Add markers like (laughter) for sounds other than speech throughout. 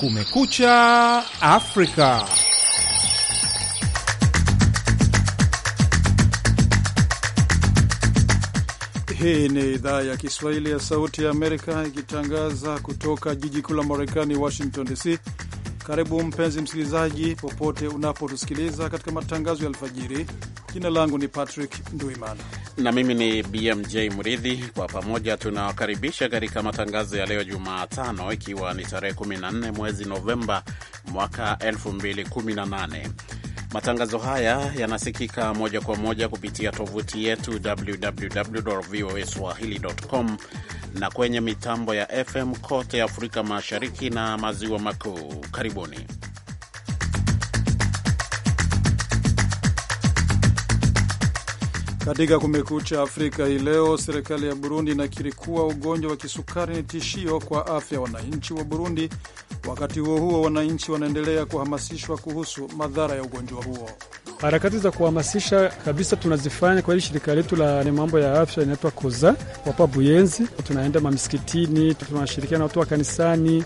Kumekucha Afrika. Hii ni idhaa ya Kiswahili ya Sauti ya Amerika ikitangaza kutoka jiji kuu la Marekani, Washington DC. Karibu mpenzi msikilizaji, popote unapotusikiliza katika matangazo ya alfajiri. Jina langu ni Patrick Nduimana na mimi ni BMJ Mridhi. Kwa pamoja tunawakaribisha katika matangazo ya leo Jumatano, ikiwa ni tarehe 14 mwezi Novemba mwaka 2018. Matangazo haya yanasikika moja kwa moja kupitia tovuti yetu www voa swahili.com na kwenye mitambo ya FM kote Afrika Mashariki na Maziwa Makuu. Karibuni. Katika Kumekucha Afrika hii leo, serikali ya Burundi inakiri kuwa ugonjwa wa kisukari ni tishio kwa afya ya wananchi wa Burundi. Wakati huo huo, wananchi wanaendelea kuhamasishwa kuhusu madhara ya ugonjwa huo. Harakati za kuhamasisha kabisa tunazifanya kwa hili shirika letu la mambo ya afya inaitwa Koza wapa Buyenzi, tunaenda mamisikitini, tunashirikiana watu wa kanisani.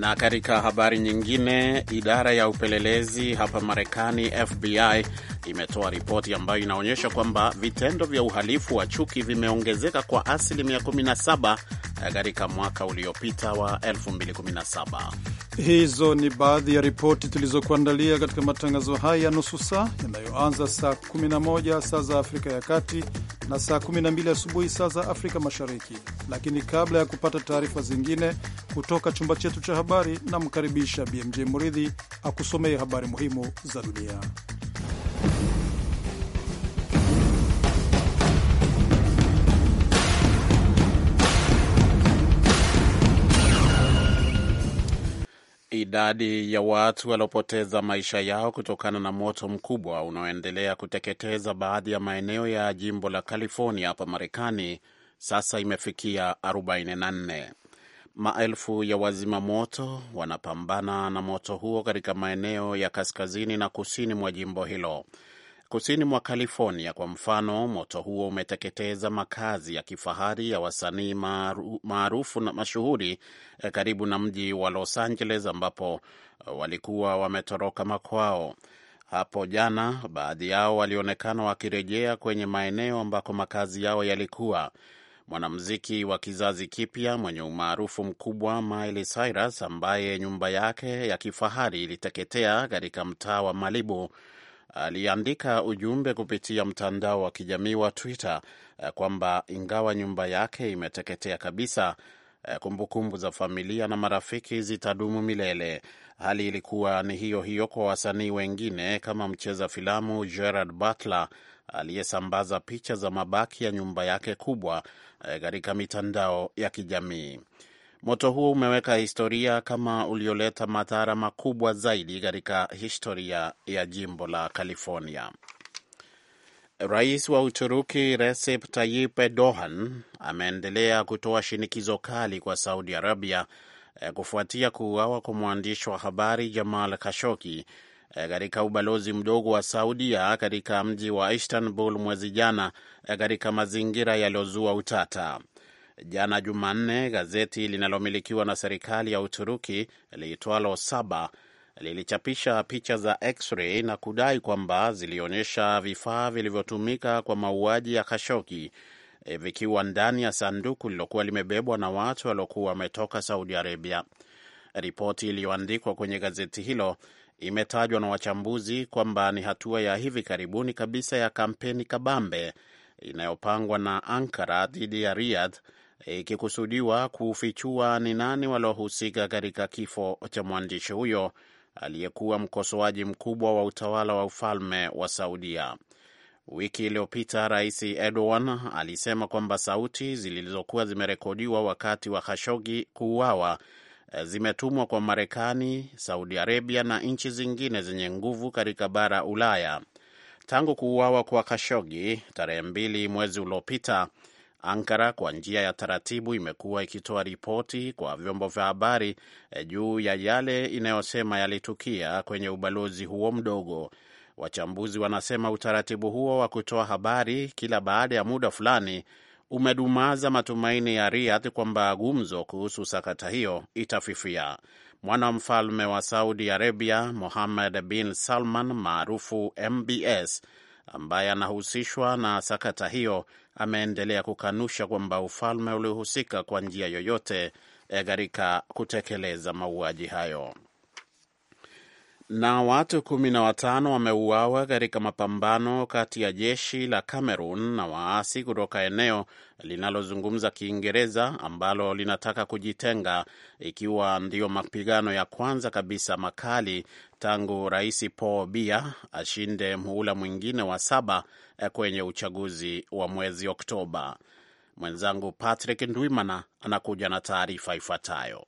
Na katika habari nyingine, idara ya upelelezi hapa Marekani, FBI, imetoa ripoti ambayo inaonyesha kwamba vitendo vya uhalifu wa chuki vimeongezeka kwa asilimia 17 eh, katika mwaka uliopita wa 2017. Hizo ni baadhi ya ripoti tulizokuandalia katika matangazo haya ya nusu saa yanayoanza saa 11 saa za Afrika ya Kati na saa 12 asubuhi saa za Afrika Mashariki. Lakini kabla ya kupata taarifa zingine kutoka chumba chetu cha habari, namkaribisha BMJ Muridhi akusomee habari muhimu za dunia. Idadi ya watu waliopoteza maisha yao kutokana na moto mkubwa unaoendelea kuteketeza baadhi ya maeneo ya jimbo la California hapa Marekani sasa imefikia 44. Maelfu ya wazima moto wanapambana na moto huo katika maeneo ya kaskazini na kusini mwa jimbo hilo. Kusini mwa California, kwa mfano, moto huo umeteketeza makazi ya kifahari ya wasanii maarufu na mashuhuri eh, karibu na mji wa Los Angeles ambapo eh, walikuwa wametoroka makwao. Hapo jana, baadhi yao walionekana wakirejea kwenye maeneo ambako makazi yao yalikuwa Mwanamuziki wa kizazi kipya mwenye umaarufu mkubwa Miley Cyrus, ambaye nyumba yake ya kifahari iliteketea katika mtaa wa Malibu, aliandika ujumbe kupitia mtandao wa kijamii wa Twitter eh, kwamba ingawa nyumba yake imeteketea kabisa, eh, kumbukumbu kumbu za familia na marafiki zitadumu milele. Hali ilikuwa ni hiyo hiyo kwa wasanii wengine kama mcheza filamu Gerard Butler aliyesambaza picha za mabaki ya nyumba yake kubwa eh, katika mitandao ya kijamii. Moto huo umeweka historia kama ulioleta madhara makubwa zaidi katika historia ya jimbo la California. Rais wa Uturuki Recep Tayyip Erdogan ameendelea kutoa shinikizo kali kwa Saudi Arabia eh, kufuatia kuuawa kwa mwandishi wa habari Jamal Khashoggi Eh, katika ubalozi mdogo wa Saudia katika mji wa Istanbul mwezi jana eh, katika mazingira yaliyozua utata. Jana Jumanne, gazeti linalomilikiwa na serikali ya Uturuki liitwalo Saba lilichapisha picha za x-ray na kudai kwamba zilionyesha vifaa vilivyotumika kwa mauaji ya Khashoggi e, vikiwa ndani ya sanduku lilokuwa limebebwa na watu waliokuwa wametoka Saudi Arabia. Ripoti iliyoandikwa kwenye gazeti hilo imetajwa na wachambuzi kwamba ni hatua ya hivi karibuni kabisa ya kampeni kabambe inayopangwa na Ankara dhidi ya Riyadh ikikusudiwa kufichua ni nani waliohusika katika kifo cha mwandishi huyo aliyekuwa mkosoaji mkubwa wa utawala wa ufalme wa Saudia. Wiki iliyopita Rais Erdogan alisema kwamba sauti zilizokuwa zimerekodiwa wakati wa Khashoggi kuuawa zimetumwa kwa Marekani, Saudi Arabia na nchi zingine zenye nguvu katika bara Ulaya. Tangu kuuawa kwa Kashogi tarehe mbili mwezi uliopita, Ankara kwa njia ya taratibu imekuwa ikitoa ripoti kwa vyombo vya habari eh, juu ya yale inayosema yalitukia kwenye ubalozi huo mdogo. Wachambuzi wanasema utaratibu huo wa kutoa habari kila baada ya muda fulani umedumaza matumaini ya Riyadh kwamba gumzo kuhusu sakata hiyo itafifia. Mwanamfalme wa Saudi Arabia Mohammed bin Salman maarufu MBS, ambaye anahusishwa na sakata hiyo, ameendelea kukanusha kwamba ufalme ulihusika kwa njia yoyote eh, katika kutekeleza mauaji hayo. Na watu kumi na watano wameuawa katika mapambano kati ya jeshi la Cameroon na waasi kutoka eneo linalozungumza Kiingereza ambalo linataka kujitenga, ikiwa ndiyo mapigano ya kwanza kabisa makali tangu Rais Paul Biya ashinde muhula mwingine wa saba eh, kwenye uchaguzi wa mwezi Oktoba. Mwenzangu Patrick Ndwimana anakuja na taarifa ifuatayo.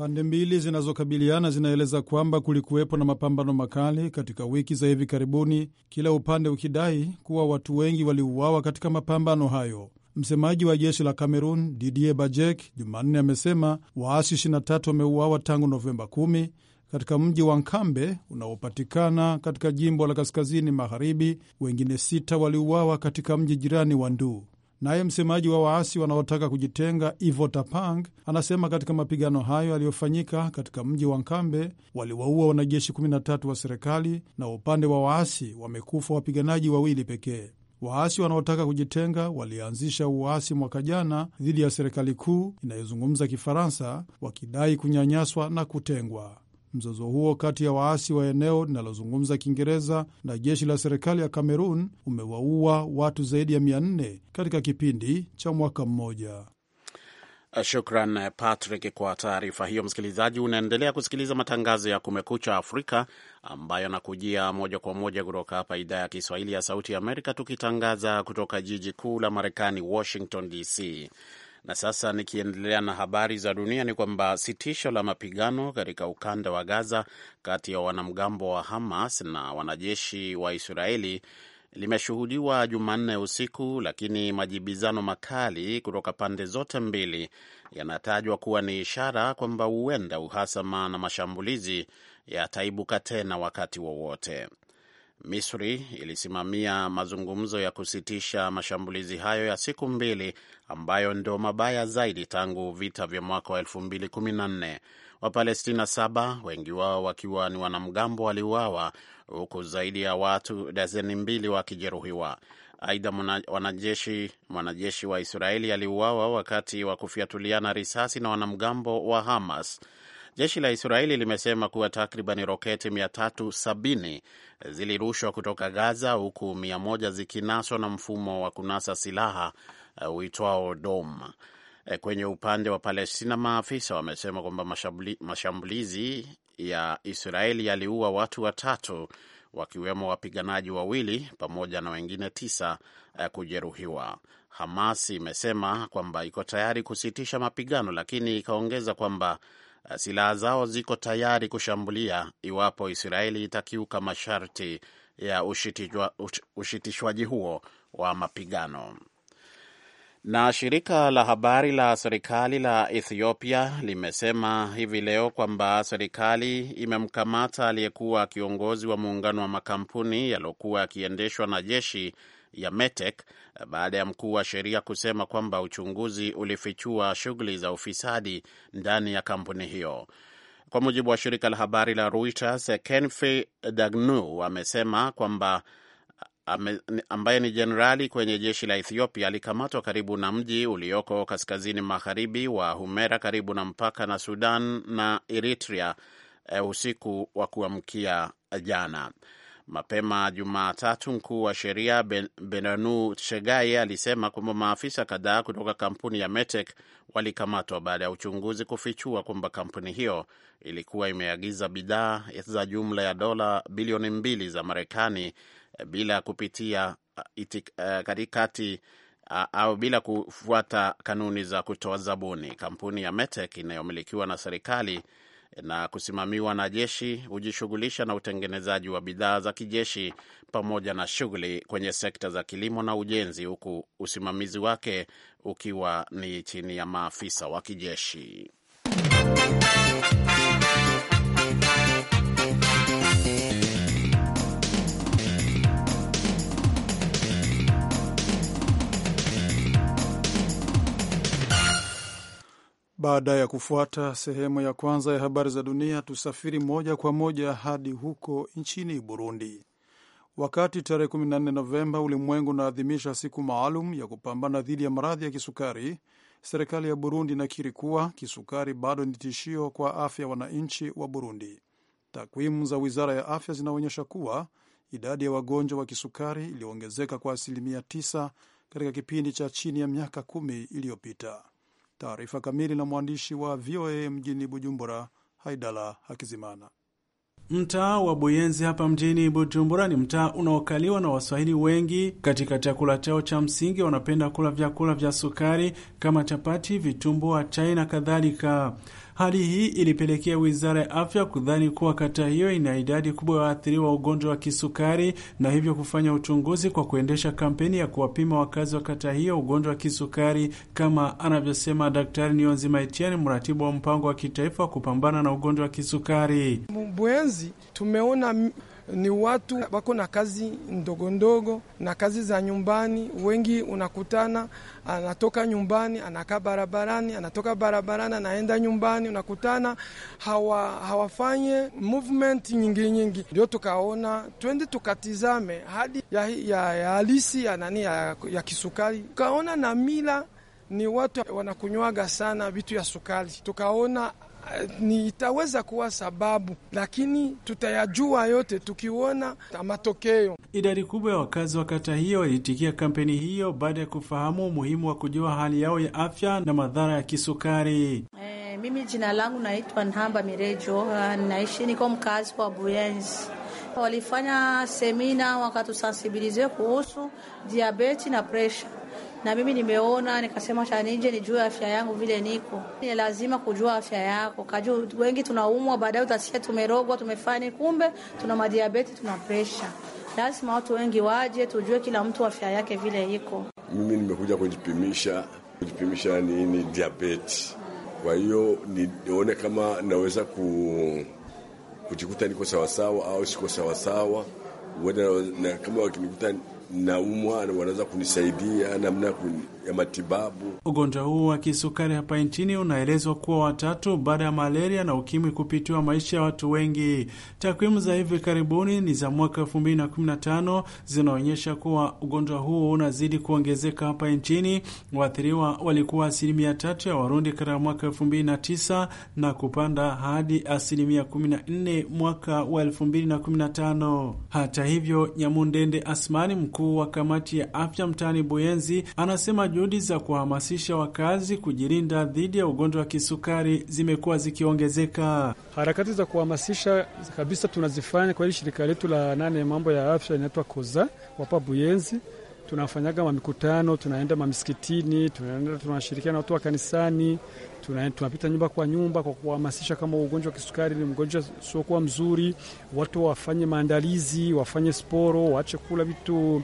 Pande mbili zinazokabiliana zinaeleza kwamba kulikuwepo na mapambano makali katika wiki za hivi karibuni, kila upande ukidai kuwa watu wengi waliuawa katika mapambano hayo. Msemaji wa jeshi la Cameroon Didier Bajek Jumanne amesema waasi 23 wameuawa tangu Novemba 10 katika mji wa Nkambe unaopatikana katika jimbo la kaskazini magharibi. Wengine sita waliuawa katika mji jirani wa Nduu. Naye msemaji wa waasi wanaotaka kujitenga Ivo Tapang anasema katika mapigano hayo yaliyofanyika katika mji wa Nkambe waliwaua wanajeshi 13 wa serikali na upande wa waasi wamekufa wapiganaji wawili pekee. Waasi wanaotaka kujitenga walianzisha uasi mwaka jana dhidi ya serikali kuu inayozungumza Kifaransa wakidai kunyanyaswa na kutengwa. Mzozo huo kati ya waasi wa eneo linalozungumza Kiingereza na jeshi la serikali ya Kamerun umewaua watu zaidi ya 4 katika kipindi cha mwaka mmoja. Shukran eh, Patrick kwa taarifa hiyo. Msikilizaji, unaendelea kusikiliza matangazo ya Kumekucha Afrika ambayo anakujia moja kwa moja kutoka hapa idhaa ya Kiswahili ya Sauti ya Amerika, tukitangaza kutoka jiji kuu la Marekani, Washington DC. Na sasa nikiendelea na habari za dunia ni kwamba sitisho la mapigano katika ukanda wa Gaza kati ya wanamgambo wa Hamas na wanajeshi wa Israeli limeshuhudiwa Jumanne usiku, lakini majibizano makali kutoka pande zote mbili yanatajwa kuwa ni ishara kwamba huenda uhasama na mashambulizi yataibuka tena wakati wowote wa Misri ilisimamia mazungumzo ya kusitisha mashambulizi hayo ya siku mbili ambayo ndio mabaya zaidi tangu vita vya mwaka wa 2014. Wapalestina saba, wengi wao wakiwa ni wanamgambo, waliuawa huku zaidi ya watu dazeni mbili wakijeruhiwa. Aidha, mwanajeshi mwanajeshi wa Israeli aliuawa wakati wa kufiatuliana risasi na wanamgambo wa Hamas Jeshi la Israeli limesema kuwa takriban roketi 370 zilirushwa kutoka Gaza, huku 100 zikinaswa na mfumo wa kunasa silaha uh, uitwao Dom. Eh, kwenye upande wa Palestina, maafisa wamesema kwamba mashambulizi ya Israeli yaliua watu watatu wakiwemo wapiganaji wawili pamoja na wengine tisa eh, kujeruhiwa. Hamas imesema kwamba iko tayari kusitisha mapigano, lakini ikaongeza kwamba Eh, silaha zao ziko tayari kushambulia iwapo Israeli itakiuka masharti ya ushitishwaji huo wa mapigano. Na shirika la habari la serikali la Ethiopia limesema hivi leo kwamba serikali imemkamata aliyekuwa kiongozi wa muungano wa makampuni yaliyokuwa yakiendeshwa na jeshi ya Metek baada ya mkuu wa sheria kusema kwamba uchunguzi ulifichua shughuli za ufisadi ndani ya kampuni hiyo. Kwa mujibu wa shirika la habari la Reuters, Kenfi Dagnu amesema kwamba ambaye ni jenerali kwenye jeshi la Ethiopia alikamatwa karibu na mji ulioko kaskazini magharibi wa Humera karibu na mpaka na Sudan na Eritrea eh, usiku wa kuamkia jana. Mapema Jumatatu, mkuu wa sheria ben, Benanu Shegai alisema kwamba maafisa kadhaa kutoka kampuni ya Metek walikamatwa baada ya uchunguzi kufichua kwamba kampuni hiyo ilikuwa imeagiza bidhaa za jumla ya dola bilioni mbili za Marekani eh, bila kupitia eh, itik, uh, katikati uh, au bila kufuata kanuni za kutoa zabuni. Kampuni ya Metek inayomilikiwa na serikali na kusimamiwa na jeshi hujishughulisha na utengenezaji wa bidhaa za kijeshi pamoja na shughuli kwenye sekta za kilimo na ujenzi, huku usimamizi wake ukiwa ni chini ya maafisa wa kijeshi. Baada ya kufuata sehemu ya kwanza ya habari za dunia, tusafiri moja kwa moja hadi huko nchini Burundi. Wakati tarehe 14 Novemba ulimwengu unaadhimisha siku maalum ya kupambana dhidi ya maradhi ya kisukari, serikali ya Burundi inakiri kuwa kisukari bado ni tishio kwa afya ya wananchi wa Burundi. Takwimu za wizara ya afya zinaonyesha kuwa idadi ya wagonjwa wa kisukari iliongezeka kwa asilimia 9 katika kipindi cha chini ya miaka kumi iliyopita. Taarifa kamili na mwandishi wa VOA mjini Bujumbura, Haidala Hakizimana. Mtaa wa Buyenzi hapa mjini Bujumbura ni mtaa unaokaliwa na Waswahili wengi. Katika chakula chao cha msingi, wanapenda kula vyakula vya sukari kama chapati, vitumbua, chai na kadhalika. Hali hii ilipelekea wizara ya afya kudhani kuwa kata hiyo ina idadi kubwa ya waathiriwa wa ugonjwa wa kisukari na hivyo kufanya uchunguzi kwa kuendesha kampeni ya kuwapima wakazi wa kata hiyo ugonjwa wa kisukari, kama anavyosema Daktari Nionzi Maitiani, mratibu wa mpango wa kitaifa kupambana na ugonjwa wa kisukari Mbwenzi. Tumeona ni watu wako na kazi ndogondogo na kazi za nyumbani. Wengi unakutana anatoka nyumbani anakaa barabarani, anatoka barabarani anaenda nyumbani, unakutana hawa, hawafanye movement nyingi nyingi. Ndio tukaona twende tukatizame hadi ya, ya, ya halisi ya nani ya, ya kisukari. Tukaona na mila ni watu wanakunywaga sana vitu ya sukari, tukaona itaweza kuwa sababu, lakini tutayajua yote tukiona matokeo. Idadi kubwa ya wakazi wa kata hiyo waliitikia kampeni hiyo baada ya kufahamu umuhimu wa kujua hali yao ya afya na madhara ya kisukari. E, mimi jina langu naitwa Nhamba Mirejo, naishi niko mkazi wa Buyenzi. Walifanya semina wakatusensibilize kuhusu diabeti na presha na mimi nimeona nikasema, cha nije nijue afya yangu vile niko. Ni lazima kujua afya yako, kaju, wengi tunaumwa, baadaye utasikia tumerogwa, tumefanya, kumbe tuna madiabeti, tuna presha. Lazima watu wengi waje, tujue kila mtu afya yake vile iko. Mimi nimekuja kujipimisha, kujipimisha ni, ni diabeti, kwa hiyo nione kama naweza ku, kujikuta niko sawasawa au siko sawasawa, kama wakinikuta naumwa, wanaweza kunisaidia namna ya ya matibabu. Ugonjwa huu wa kisukari hapa nchini unaelezwa kuwa watatu baada ya malaria na ukimwi kupitiwa maisha ya watu wengi. Takwimu za hivi karibuni ni za mwaka tano zinaonyesha kuwa ugonjwa huu unazidi kuongezeka hapa nchini. Waathiriwa walikuwa asilimia tatu ya Warundi katika mwaka mbili na kupanda hadi asilimia nne mwaka wa tano. Hata hivyo, Nyamundende Asmani, mkuu wa kamati ya afya mtaani Buyenzi, anasema juhudi za kuwahamasisha wakazi kujilinda dhidi ya ugonjwa wa kisukari zimekuwa zikiongezeka. Harakati za kuhamasisha kabisa tunazifanya kwa hili shirika letu la nane mambo ya afya inaitwa Koza wapa Buyenzi. Tunafanyaga mamikutano, tunaenda mamisikitini, tunaenda tunashirikiana watu wa kanisani, tunapita nyumba kwa nyumba kwa kuhamasisha kama ugonjwa wa kisukari ni mgonjwa siokuwa mzuri, watu wafanye maandalizi, wafanye sporo, waache kula vitu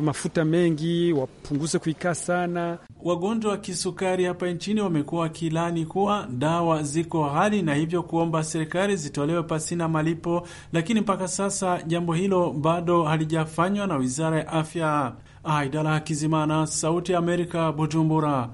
mafuta mengi, wapunguze kuikaa sana. Wagonjwa wa kisukari hapa nchini wamekuwa wakilani kuwa dawa ziko ghali na hivyo kuomba serikali zitolewe pasina malipo, lakini mpaka sasa jambo hilo bado halijafanywa na wizara ya afya. Aidala Kizimana, Sauti ya Amerika, Bujumbura.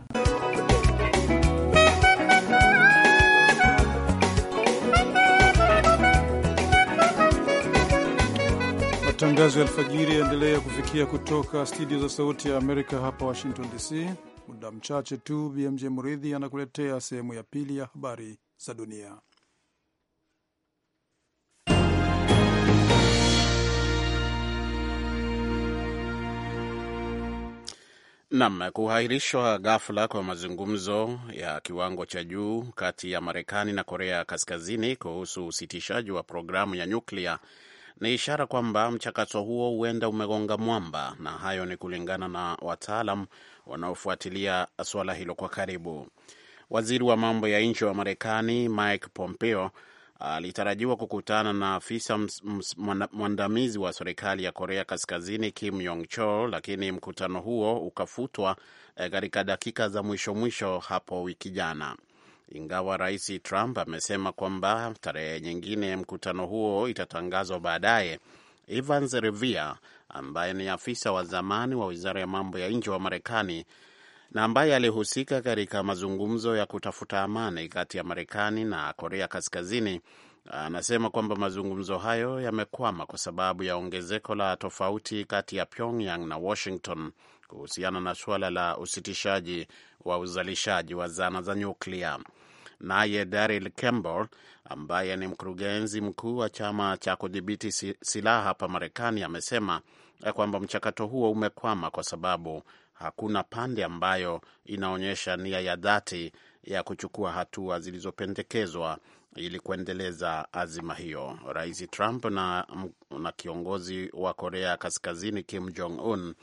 matangazo ya alfajiri yaendelea kufikia kutoka studio za Sauti ya Amerika hapa Washington DC. Muda mchache tu, BMJ Muridhi anakuletea sehemu ya pili ya habari za dunia. Nam, kuhairishwa ghafla kwa mazungumzo ya kiwango cha juu kati ya Marekani na Korea Kaskazini kuhusu usitishaji wa programu ya nyuklia ni ishara kwamba mchakato huo huenda umegonga mwamba, na hayo ni kulingana na wataalam wanaofuatilia suala hilo kwa karibu. Waziri wa mambo ya nje wa Marekani Mike Pompeo alitarajiwa kukutana na afisa mwandamizi wa serikali ya Korea Kaskazini Kim Yong Chol, lakini mkutano huo ukafutwa eh, katika dakika za mwisho mwisho hapo wiki jana ingawa Rais Trump amesema kwamba tarehe nyingine ya mkutano huo itatangazwa baadaye. Evans Revia ambaye ni afisa wa zamani wa wizara ya mambo ya nje wa Marekani na ambaye alihusika katika mazungumzo ya kutafuta amani kati ya Marekani na Korea Kaskazini anasema kwamba mazungumzo hayo yamekwama kwa sababu ya ongezeko la tofauti kati ya Pyongyang na Washington kuhusiana na suala la usitishaji wa uzalishaji wa zana za nyuklia. Naye Daryl Campbell ambaye ni mkurugenzi mkuu wa chama cha kudhibiti silaha hapa Marekani amesema eh, kwamba mchakato huo umekwama kwa sababu hakuna pande ambayo inaonyesha nia ya dhati ya kuchukua hatua zilizopendekezwa ili kuendeleza azima hiyo. Rais Trump na, na kiongozi wa Korea Kaskazini Kim Jong Un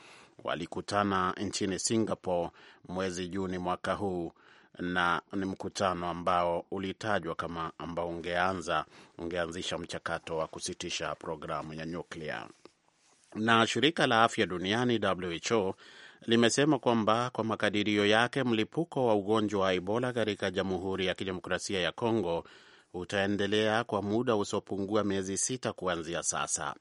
walikutana nchini Singapore mwezi Juni mwaka huu na ni mkutano ambao ulitajwa kama ambao ungeanza ungeanzisha mchakato wa kusitisha programu ya nyuklia. Na shirika la afya duniani WHO limesema kwamba kwa makadirio yake mlipuko wa ugonjwa wa Ebola katika Jamhuri ya Kidemokrasia ya Kongo utaendelea kwa muda usiopungua miezi sita kuanzia sasa.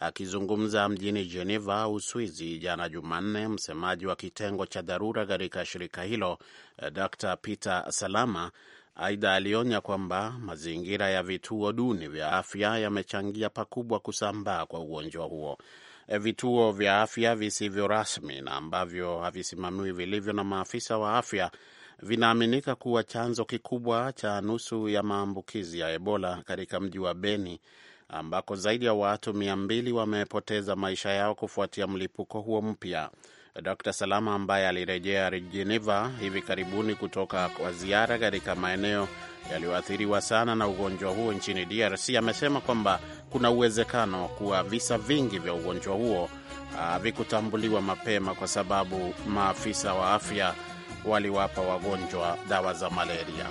Akizungumza mjini Geneva, Uswizi, jana Jumanne, msemaji wa kitengo cha dharura katika shirika hilo eh, Dr Peter Salama aidha alionya kwamba mazingira ya vituo duni vya afya yamechangia pakubwa kusambaa kwa ugonjwa huo. Eh, vituo vya afya visivyo rasmi na ambavyo havisimamiwi vilivyo na maafisa wa afya vinaaminika kuwa chanzo kikubwa cha nusu ya maambukizi ya Ebola katika mji wa Beni ambako zaidi ya watu mia mbili wamepoteza maisha yao kufuatia mlipuko huo mpya. Dr Salama ambaye alirejea Geneva hivi karibuni kutoka kwa ziara katika maeneo yaliyoathiriwa sana na ugonjwa huo nchini DRC amesema kwamba kuna uwezekano kuwa visa vingi vya ugonjwa huo havikutambuliwa mapema kwa sababu maafisa wa afya waliwapa wagonjwa dawa za malaria.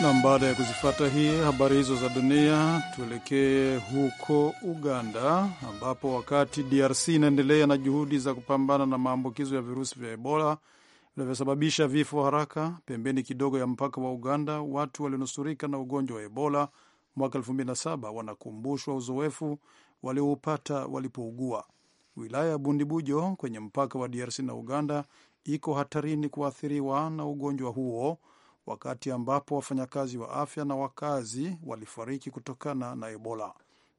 Na baada ya kuzifata hii habari hizo za dunia, tuelekee huko Uganda ambapo wakati DRC inaendelea na juhudi za kupambana na maambukizo ya virusi vya Ebola vinavyosababisha vifo haraka, pembeni kidogo ya mpaka wa Uganda, watu walionusurika na ugonjwa wa Ebola mwaka 2007 wanakumbushwa uzoefu walioupata walipougua. Wilaya ya Bundibujo kwenye mpaka wa DRC na Uganda iko hatarini kuathiriwa na ugonjwa huo wakati ambapo wafanyakazi wa afya na wakazi walifariki kutokana na Ebola.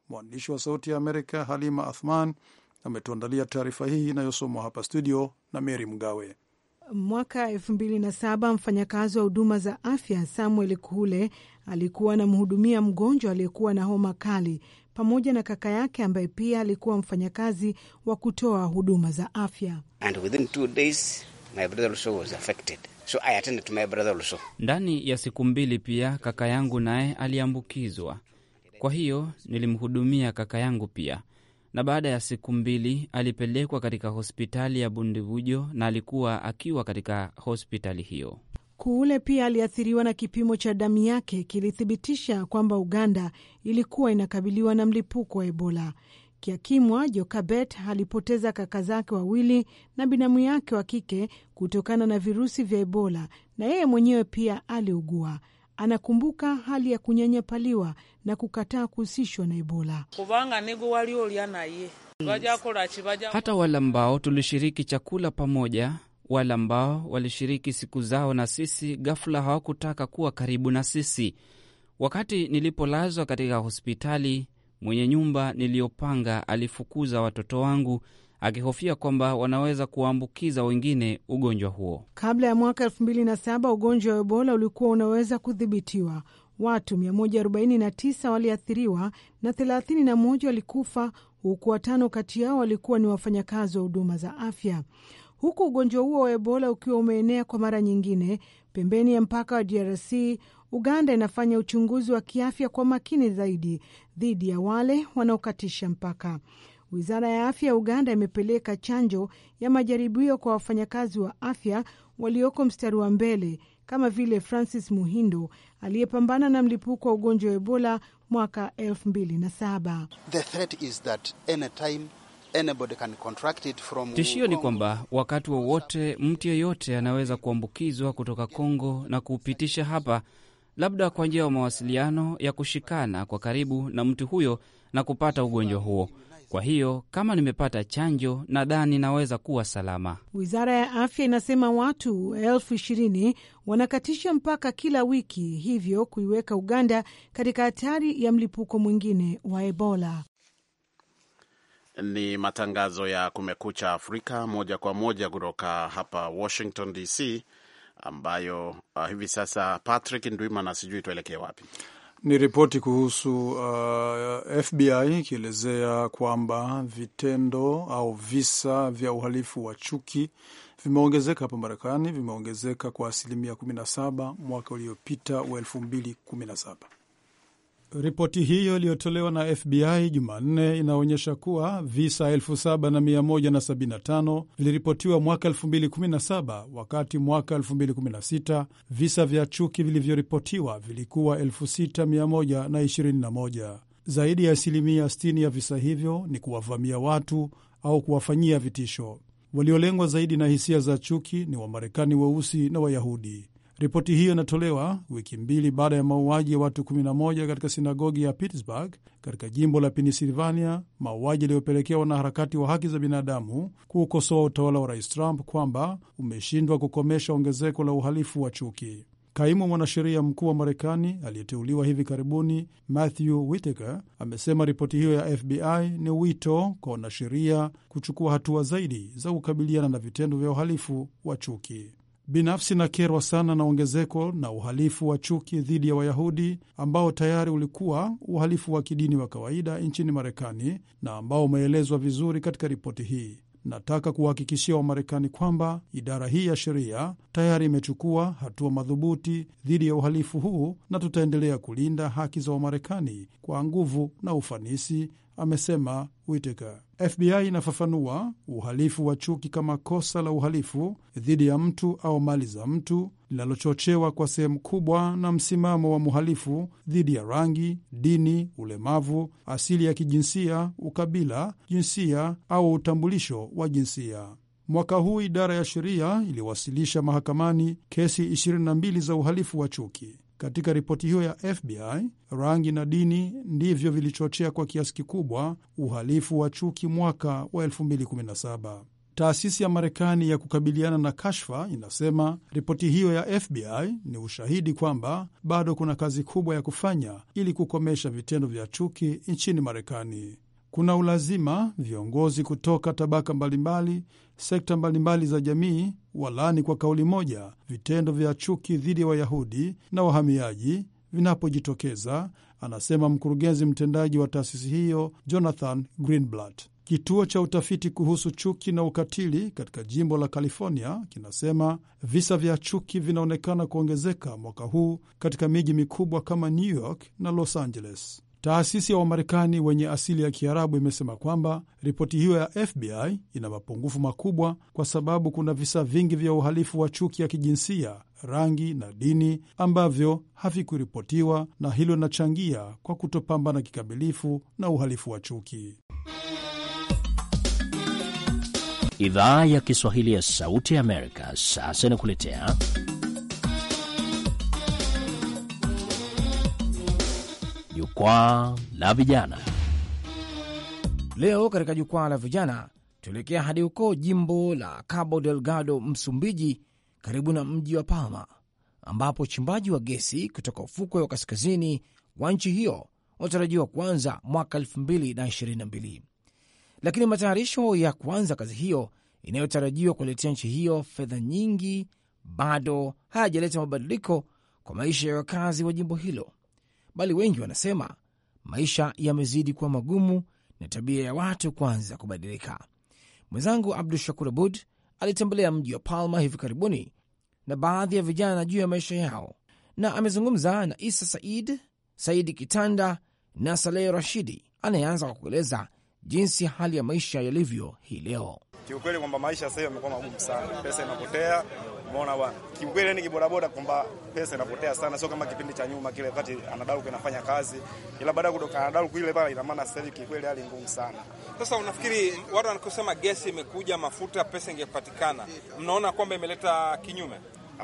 Mwandishi wa Sauti ya Amerika Halima Athman ametuandalia taarifa hii inayosomwa hapa studio na Meri Mgawe. Mwaka elfu mbili na saba mfanyakazi wa huduma za afya Samuel Kuhule alikuwa anamhudumia mgonjwa aliyekuwa na homa kali pamoja na kaka yake ambaye pia alikuwa mfanyakazi wa kutoa huduma za afya And so to my brother also. Ndani ya siku mbili pia kaka yangu naye aliambukizwa, kwa hiyo nilimhudumia kaka yangu pia, na baada ya siku mbili alipelekwa katika hospitali ya Bundivujo na alikuwa akiwa katika hospitali hiyo. Kuule pia aliathiriwa na kipimo cha damu yake kilithibitisha kwamba Uganda ilikuwa inakabiliwa na mlipuko wa Ebola. Kiakimwa Jokabet alipoteza kaka zake wawili na binamu yake wa kike kutokana na virusi vya Ebola, na yeye mwenyewe pia aliugua. Anakumbuka hali ya kunyanyapaliwa na kukataa kuhusishwa na Ebola. Hata wale ambao tulishiriki chakula pamoja, wale ambao walishiriki siku zao na sisi, gafula hawakutaka kuwa karibu na sisi. Wakati nilipolazwa katika hospitali Mwenye nyumba niliyopanga alifukuza watoto wangu akihofia kwamba wanaweza kuwaambukiza wengine ugonjwa huo. Kabla ya mwaka 2007 ugonjwa wa Ebola ulikuwa unaweza kudhibitiwa. Watu 149 waliathiriwa na 31 walikufa, huku watano kati yao walikuwa ni wafanyakazi wa huduma za afya. Huku ugonjwa huo wa Ebola ukiwa umeenea kwa mara nyingine pembeni ya mpaka wa DRC, Uganda inafanya uchunguzi wa kiafya kwa makini zaidi dhidi ya wale wanaokatisha mpaka. Wizara ya afya ya Uganda imepeleka chanjo ya majaribio kwa wafanyakazi wa afya walioko mstari wa mbele kama vile Francis Muhindo aliyepambana na mlipuko wa ugonjwa wa Ebola mwaka 2007. Tishio ni kwamba wakati wowote wa mtu yeyote anaweza kuambukizwa kutoka Kongo na kuupitisha hapa labda kwa njia ya mawasiliano ya kushikana kwa karibu na mtu huyo na kupata ugonjwa huo. Kwa hiyo kama nimepata chanjo, nadhani naweza kuwa salama. Wizara ya afya inasema watu elfu ishirini wanakatisha mpaka kila wiki, hivyo kuiweka Uganda katika hatari ya mlipuko mwingine wa Ebola. Ni matangazo ya Kumekucha Afrika moja kwa moja kutoka hapa Washington DC ambayo uh, hivi sasa Patrick Ndwimana sijui tuelekee wapi. Ni ripoti kuhusu uh, FBI ikielezea kwamba vitendo au visa vya uhalifu wa chuki vimeongezeka hapa Marekani, vimeongezeka kwa asilimia 17 mwaka uliopita wa 2017. Ripoti hiyo iliyotolewa na FBI Jumanne inaonyesha kuwa visa 7175 viliripotiwa mwaka 2017 wakati mwaka 2016 visa vya chuki vilivyoripotiwa vilikuwa 6121. Zaidi ya asilimia 60 ya visa hivyo ni kuwavamia watu au kuwafanyia vitisho. Waliolengwa zaidi na hisia za chuki ni Wamarekani weusi na Wayahudi. Ripoti hiyo inatolewa wiki mbili baada ya mauaji ya watu 11 katika sinagogi ya Pittsburgh katika jimbo la Pennsylvania, mauaji yaliyopelekea wanaharakati wa haki za binadamu kuukosoa utawala wa Rais Trump kwamba umeshindwa kukomesha ongezeko la uhalifu wa chuki. Kaimu mwanasheria mkuu wa Marekani aliyeteuliwa hivi karibuni Matthew Whitaker amesema ripoti hiyo ya FBI ni wito kwa wanasheria kuchukua hatua zaidi za kukabiliana na vitendo vya uhalifu wa chuki. Binafsi nakerwa sana na ongezeko na uhalifu wa chuki dhidi ya Wayahudi ambao tayari ulikuwa uhalifu wa kidini wa kawaida nchini Marekani na ambao umeelezwa vizuri katika ripoti hii. Nataka kuwahakikishia Wamarekani kwamba idara hii ya sheria tayari imechukua hatua madhubuti dhidi ya uhalifu huu na tutaendelea kulinda haki za Wamarekani kwa nguvu na ufanisi, amesema Whitaker. FBI inafafanua uhalifu wa chuki kama kosa la uhalifu dhidi ya mtu au mali za mtu linalochochewa kwa sehemu kubwa na msimamo wa mhalifu dhidi ya rangi, dini, ulemavu, asili ya kijinsia, ukabila, jinsia au utambulisho wa jinsia. Mwaka huu idara ya sheria iliwasilisha mahakamani kesi 22 za uhalifu wa chuki. Katika ripoti hiyo ya FBI, rangi na dini ndivyo vilichochea kwa kiasi kikubwa uhalifu wa chuki mwaka wa 2017. Taasisi ya Marekani ya kukabiliana na kashfa inasema ripoti hiyo ya FBI ni ushahidi kwamba bado kuna kazi kubwa ya kufanya ili kukomesha vitendo vya chuki nchini Marekani kuna ulazima viongozi kutoka tabaka mbalimbali, sekta mbalimbali za jamii walani kwa kauli moja vitendo vya chuki dhidi ya Wayahudi na wahamiaji vinapojitokeza, anasema mkurugenzi mtendaji wa taasisi hiyo Jonathan Greenblatt. Kituo cha utafiti kuhusu chuki na ukatili katika jimbo la California kinasema visa vya chuki vinaonekana kuongezeka mwaka huu katika miji mikubwa kama New York na Los Angeles. Taasisi ya Wamarekani wenye asili ya Kiarabu imesema kwamba ripoti hiyo ya FBI ina mapungufu makubwa kwa sababu kuna visa vingi vya uhalifu wa chuki ya kijinsia, rangi na dini ambavyo havikuripotiwa, na hilo linachangia kwa kutopambana kikamilifu na uhalifu wa chuki. Idhaa ya Kiswahili ya Sauti ya Amerika sasa inakuletea Jukwaa la Vijana. Leo katika Jukwaa la Vijana tuelekea hadi huko jimbo la Cabo Delgado, Msumbiji, karibu na mji wa Palma, ambapo uchimbaji wa gesi kutoka ufukwe wa kaskazini wa nchi hiyo unatarajiwa kuanza mwaka 222 lakini matayarisho ya kuanza kazi hiyo inayotarajiwa kuletea nchi hiyo fedha nyingi bado hayajaleta mabadiliko kwa maisha ya wakazi wa jimbo hilo bali wengi wanasema maisha yamezidi kuwa magumu na tabia ya watu kuanza kubadilika. Mwenzangu Abdu Shakur Abud alitembelea mji wa Palma hivi karibuni na baadhi ya vijana juu ya maisha yao, na amezungumza na Isa Said, Saidi Kitanda na Saleh Rashidi, anayeanza kwa kueleza jinsi hali ya maisha yalivyo hii leo. Kiukweli kwamba maisha sasa hivi yamekuwa magumu sana, pesa inapotea, Umeona bwana, kiukweli ni kibodaboda kwamba pesa inapotea sana, sio kama kipindi cha nyuma kile wakati anadaruku inafanya kazi, ila baada ya kutoka anadaruku ile pale, ina maana sasa hivi kiukweli hali ngumu sana. Sasa unafikiri watu wanakosema gesi imekuja, mafuta, pesa ingepatikana, mnaona kwamba imeleta kinyume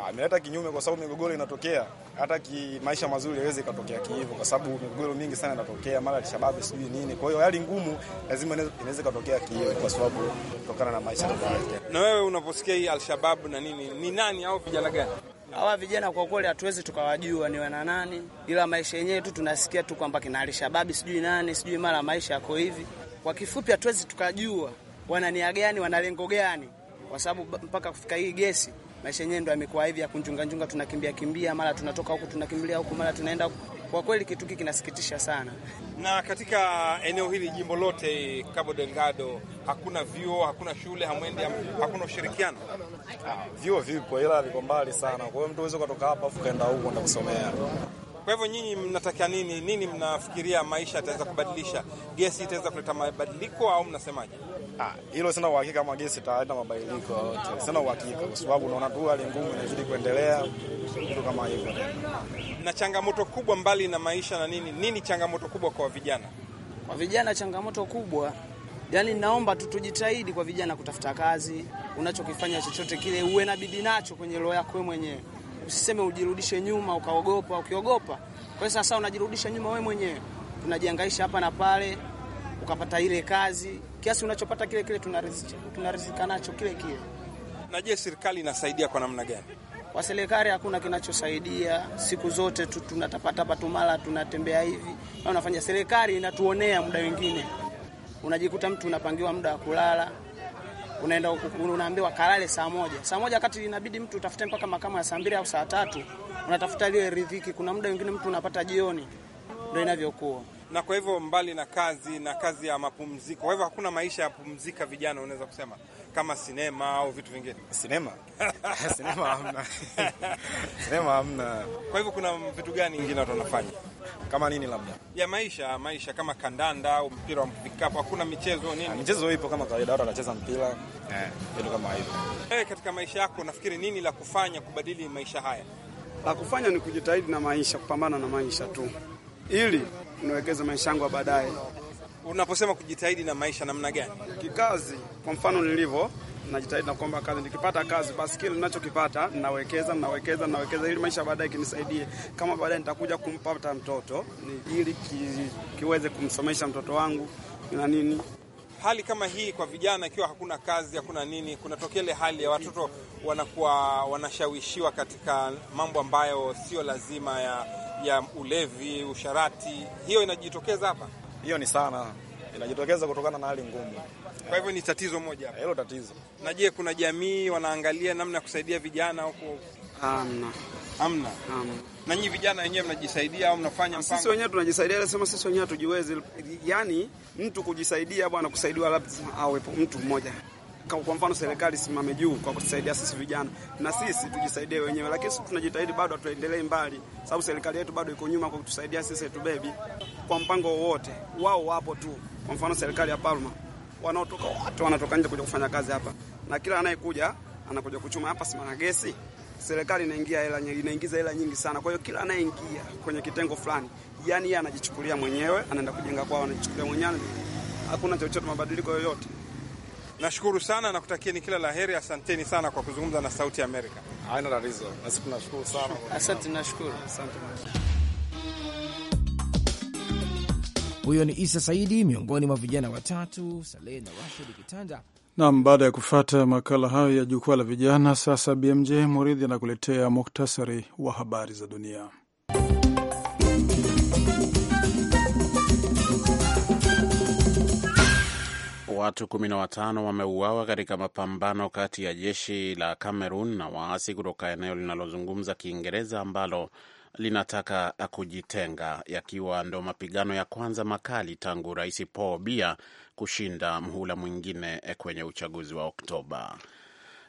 ameleta ah, kinyume, kwa sababu migogoro inatokea hata ki maisha mazuri yaweze ikatokea kiivo, kwa sababu migogoro mingi sana inatokea mara Alshababu sijui nini. Kwa hiyo hali ngumu lazima inaweza ikatokea kiivo, kwa sababu kutokana na maisha tofauti. Na wewe unaposikia hii Alshababu na nini, ni nani au vijana gani? Hawa vijana kwa kweli hatuwezi tukawajua ni wana nani, ila maisha yenyewe tu tunasikia tu kwamba kina Alshababu sijui nani sijui mara maisha yako hivi. Kwa kifupi, hatuwezi tukajua wana nia gani, wana lengo gani, kwa sababu mpaka kufika hii gesi maisha yenyewe ndo yamekuwa hivi ya kunjunga njunga, tunakimbia kimbia, mara tunatoka huku tunakimbilia huku, mara tunaenda huku. Kwa kweli kitu hiki kinasikitisha sana. Na katika eneo hili jimbo lote Cabo Delgado hakuna vyuo, hakuna shule, hamwendi, hakuna ushirikiano. Ah, vyuo vipo ila viko mbali sana, kwa hiyo mtu uweze kutoka hapa afu kaenda huko kwenda kusomea. Kwa hivyo nyinyi mnatakia nini? Nini mnafikiria maisha yataweza kubadilisha? Gesi itaweza kuleta mabadiliko au mnasemaje? Ah, hilo sina uhakika kama gesi italeta mabadiliko yote. Sina uhakika kwa sababu unaona tu hali ngumu inazidi kuendelea kitu kama hivyo. Na changamoto kubwa mbali na maisha na nini? Nini changamoto kubwa kwa vijana? Kwa vijana changamoto kubwa Yaani, naomba tu tujitahidi kwa vijana kutafuta kazi. Unachokifanya chochote kile, uwe na bidii nacho kwenye roho yako mwenyewe usiseme ujirudishe nyuma ukaogopa. Ukiogopa kwa hiyo sasa unajirudisha nyuma wewe mwenyewe, tunajihangaisha hapa na pale, ukapata ile kazi, kiasi unachopata kile kile tunarizika nacho kile kile. Na je, serikali inasaidia kwa namna gani? Kwa serikali hakuna kinachosaidia, siku zote tu tunatapata patumala, tunatembea hivi na unafanya serikali inatuonea muda. Wengine unajikuta mtu unapangiwa muda wa kulala unaenda unaambiwa kalale saa moja. Saa moja wakati inabidi mtu utafute mpaka makama ya saa mbili au saa tatu, unatafuta ile ridhiki Kuna muda mwingine mtu unapata jioni, ndio inavyokuwa na kwa hivyo mbali na kazi na kazi ya mapumziko, kwa hivyo hakuna maisha ya pumzika vijana, unaweza kusema kama sinema au vitu vingine. Sinema (laughs) sinema hamna (laughs) sinema hamna. Kwa hivyo kuna vitu gani ingine watu wanafanya kama nini, labda ya maisha maisha kama kandanda au mpira wa vikapu? Hakuna michezo nini? Ah, michezo ipo kama kawaida, watu wanacheza mpira eh. vitu kama hivyo. Hey, eh, katika maisha yako nafikiri nini la kufanya kubadili maisha haya? La kufanya ni kujitahidi na maisha, kupambana na maisha tu ili niwekeze maisha yangu ya baadaye. Unaposema kujitahidi na maisha, namna gani? Kikazi, kwa mfano nilivyo najitahidi na kuomba kazi, nikipata kazi basi kile ninachokipata ninawekeza, ninawekeza, ninawekeza ili maisha baadaye kinisaidie, kama baadaye nitakuja kumpata mtoto ni ili ki, kiweze kumsomesha mtoto wangu na nini. Hali kama hii kwa vijana, ikiwa hakuna kazi, hakuna nini, kunatokea ile hali ya watoto wanakuwa wanashawishiwa katika mambo ambayo sio lazima ya ya ulevi, usharati, hiyo inajitokeza hapa? Hiyo ni sana inajitokeza kutokana na hali ngumu. Kwa hivyo ni tatizo moja hapa. Hilo tatizo. Na je, kuna jamii wanaangalia namna ya kusaidia vijana huko? Hamna. Hamna. Hamna. Na nyinyi vijana wenyewe mnajisaidia au mnafanya mpango? Sisi wenyewe tunajisaidia, nasema sisi wenyewe hatujiwezi. Yaani mtu kujisaidia bwana, kusaidiwa labda awepo mtu mmoja kwa mfano serikali simame juu kwa kutusaidia sisi vijana, na sisi tujisaidie wenyewe, lakini sisi tunajitahidi bado, tuendelee mbali, sababu serikali yetu bado iko nyuma kwa kutusaidia sisi tubebi kwa mpango wowote. Wao wapo tu, kwa mfano serikali ya Palma, wanaotoka watu wanatoka nje kuja kufanya kazi hapa, na kila anayekuja anakuja kuchuma hapa sima na gesi. Serikali inaingia hela, inaingiza hela nyingi sana. Kwa hiyo kila anayeingia kwenye kitengo fulani, yani yeye anajichukulia mwenyewe, anaenda kujenga kwao, anajichukulia mwenyewe, hakuna chochote mabadiliko yoyote. Nashukuru sana na kutakieni kila la heri. Asanteni sana kwa kuzungumza na Sauti ya Amerika. Haina tatizo, nasi tunashukuru sana. Asante, nashukuru, asante. Huyo ni Isa Saidi miongoni mwa vijana watatu Saleh na Rashid Kitanda. Nam, baada ya kufata makala hayo ya jukwaa la vijana, sasa BMJ Muridhi anakuletea muktasari wa habari za dunia. Watu 15 wameuawa katika mapambano kati ya jeshi la Cameroon na waasi kutoka eneo linalozungumza Kiingereza ambalo linataka kujitenga, yakiwa ndo mapigano ya kwanza makali tangu Rais Paul Biya kushinda mhula mwingine kwenye uchaguzi wa Oktoba.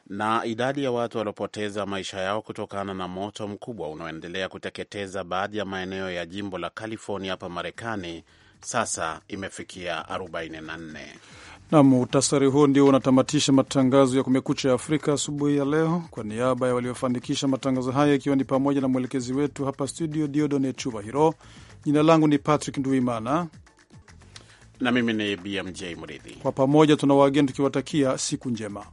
Na idadi ya watu waliopoteza maisha yao kutokana na moto mkubwa unaoendelea kuteketeza baadhi ya maeneo ya jimbo la California hapa Marekani sasa imefikia 44. Na muhtasari huo ndio unatamatisha matangazo ya Kumekucha ya Afrika asubuhi ya leo. Kwa niaba ya waliofanikisha matangazo haya, ikiwa ni pamoja na mwelekezi wetu hapa studio Diodone Chuva Hiro, jina langu ni Patrick Nduimana na mimi ni BMJ Mridhi. Kwa pamoja tuna wageni tukiwatakia siku njema.